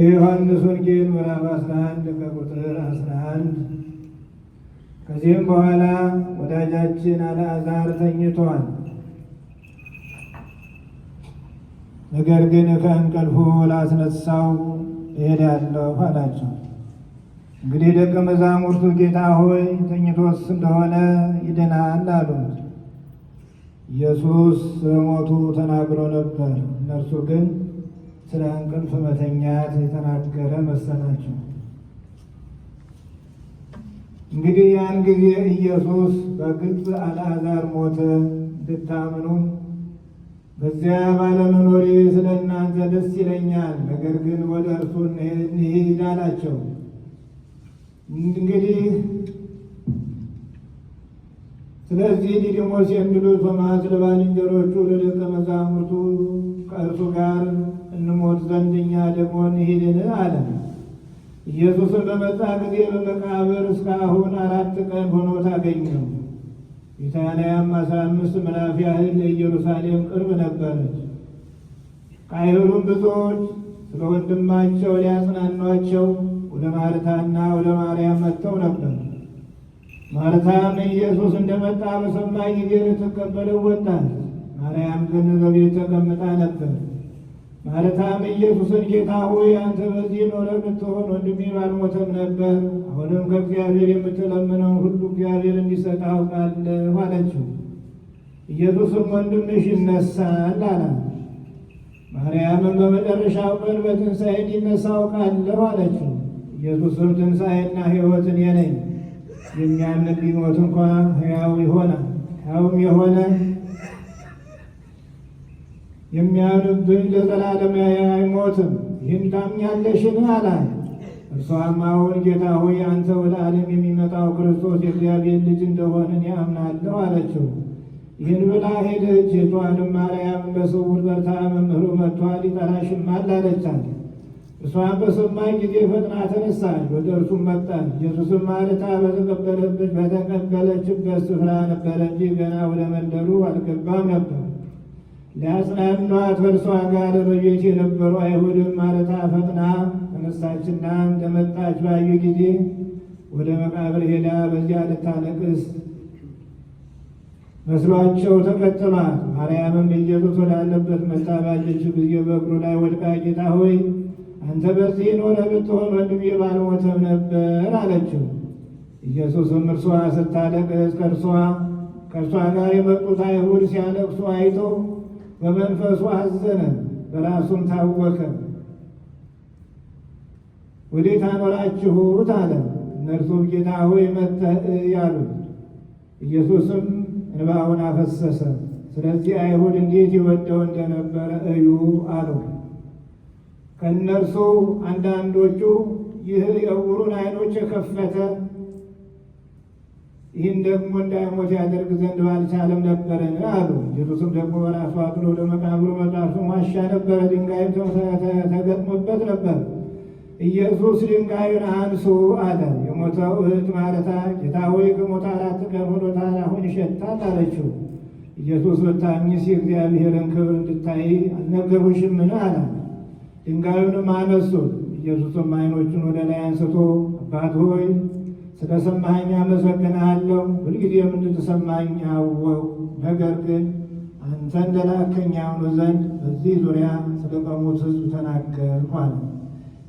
የዮሐንስ ወንጌል ምዕራፍ 11 ከቁጥር 11 ከዚህም በኋላ ወዳጃችን አልዓዛር ተኝቷል። ነገር ግን ከእንቅልፉ ላስነሳው እሄዳለሁ አላቸው። እንግዲህ ደቀ መዛሙርቱ ጌታ ሆይ ተኝቶስ እንደሆነ ይድናል አሉት። ኢየሱስ ስለሞቱ ተናግሮ ነበር። እነርሱ ግን ስለ እንቅልፍ መተኛት የተናገረ መሰላቸው። እንግዲህ ያን ጊዜ ኢየሱስ በግልጽ አልዓዛር ሞተ፣ እንድታምኑም በዚያ ባለመኖሪ ስለ እናንተ ደስ ይለኛል፣ ነገር ግን ወደ እርሱ እንሂድ አላቸው። እንግዲህ ስለዚህ ዲዲሞስ የሚሉት ቶማስ ለባልንጀሮቹ ለደቀ መዛሙርቱ ከእርሱ ጋር ትሞት ዘንድ እኛ ደግሞ እንሂድን አለ። ኢየሱስን በመጣ ጊዜ በመቃብር እስካሁን አራት ቀን ሆኖ ታገኘው። ቢታንያም አስራ አምስት ምዕራፍ ያህል ለኢየሩሳሌም ቅርብ ነበረች። ከአይሁዱም ብዙዎች ስለ ወንድማቸው ሊያጽናኗቸው ወደ ማርታና ወደ ማርያም መጥተው ነበር። ማርታም ኢየሱስ እንደመጣ በሰማኝ ጊዜ ልትቀበለው ወጣች። ማርያም ግን በቤት ተቀምጣ ነበር። ማለታም ኢየሱስን ጌታ ሆይ አንተ በዚህ ኖረ ብትሆን ወንድሜ ባልሞተም ነበር። አሁንም ከእግዚአብሔር የምትለምነውን ሁሉ እግዚአብሔር እንዲሰጥ አውቃለሁ አለችው። ኢየሱስም ወንድምሽ ይነሳል አላት። ማርያምን በመጨረሻው ቀን በትንሣኤ እንዲነሳ አውቃለሁ አለችው። ኢየሱስም ትንሣኤና ሕይወት እኔ ነኝ፣ የሚያምን ቢሞት እንኳ ሕያው ይሆናል፣ ሕያውም የሆነ የሚያምንብን ለዘላለም አይሞትም። ይህን ታምኛለሽን? አላት። እርሷም አሁን ጌታ ሆይ አንተ ወደ ዓለም የሚመጣው ክርስቶስ የእግዚአብሔር ልጅ እንደሆነ እኔ አምናለሁ አለችው። ይህን ብላ ሄደች። እህቷንም ማርያም በስውር በርታ መምህሩ መጥቷል ይጠራሽማል አለቻት። እሷን በሰማይ ጊዜ ፈጥና ተነሳች፣ ወደ እርሱም መጣች። ኢየሱስም ማለታ በተቀበለበት በተቀበለችበት ስፍራ ነበረ እንጂ ገና ወደ መንደሩ አልገባም ነበር። ሊያጽናኗት በእርሷ ጋር በቤት የነበሩ አይሁድም ማለታ ፈጥና ተነሳችና እንደመጣች ባየ ጊዜ ወደ መቃብር ሄዳ በዚያ ልታለቅስ መስሏቸው ተከተሏት። ማርያምም ኢየሱስ ወዳለበት መጣ። ባየችው ጊዜ በእግሩ ላይ ወድቃ ጌታ ሆይ አንተ በዚህ ኖረ ብትሆን ወንድሜ ባልሞተም ነበር አለችው። ኢየሱስም እርሷ ስታለቅስ ከእርሷ ከእርሷ ጋር የመጡት አይሁድ ሲያለቅሱ አይተው በመንፈሱ አዘነ፣ በራሱም ታወከ። ወዴት አኖራችሁት አለ። እነርሱም ጌታ ሆይ መጥተህ ያሉት። ኢየሱስም እንባውን አፈሰሰ። ስለዚህ አይሁድ እንዴት ይወደው እንደነበረ እዩ አለው። ከእነርሱ አንዳንዶቹ ይህ የዕውሩን ዓይኖች የከፈተ ይህን ደግሞ እንዳይሞት ያደርግ ዘንድ ባልቻለም ነበረ አሉ። ኢየሱስም ደግሞ በራሱ አቅሎ ወደ መቃብሩ መድረሱ ዋሻ ነበረ፣ ድንጋይም ተገጥሞበት ነበር። ኢየሱስ ድንጋዩን አንሱ አለ። የሞተው እህት ማርታ ጌታ ሆይ ከሞተ አራት ቀን ሆኖታል፣ አሁን ይሸታል አለችው። ኢየሱስ ብታምኚስ የእግዚአብሔርን ክብር እንድታይ አልነገሩሽምን አለ ድንጋዩንም አነሱት። ኢየሱስም ዓይኖቹን ወደ ላይ አንስቶ አባት ሆይ ስለ ሰማኸኝ አመሰግንሃለሁ። ሁልጊዜም እንድትሰማኝ አወቅ። ነገር ግን አንተ እንደላከኝ ያውኑ ዘንድ በዚህ ዙሪያ ስለ ቀሙት ሕዝብ ተናገርሁ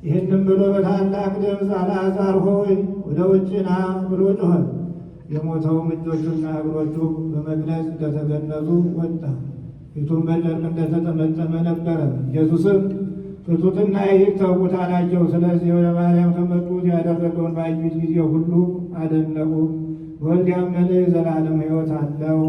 ይህንም ብሎ በታላቅ ድምፅ አልዓዛር ሆይ ወደ ውጭ ና ብሎ ጮኸ። የሞተውም እጆቹና እግሮቹ በመግነዝ እንደተገነዙ ወጣ። ፊቱም በጨርቅ እንደተጠመጠመ ነበረ። ኢየሱስም ትቱትና ይህ ተዉት አላቸው። ስለዚህ ወደ ማርያም ከመጡት ያደረገውን ባዩት ጊዜ ሁሉ አደነቁ። ወልዲያም መልህ ዘላለም ሕይወት አለው።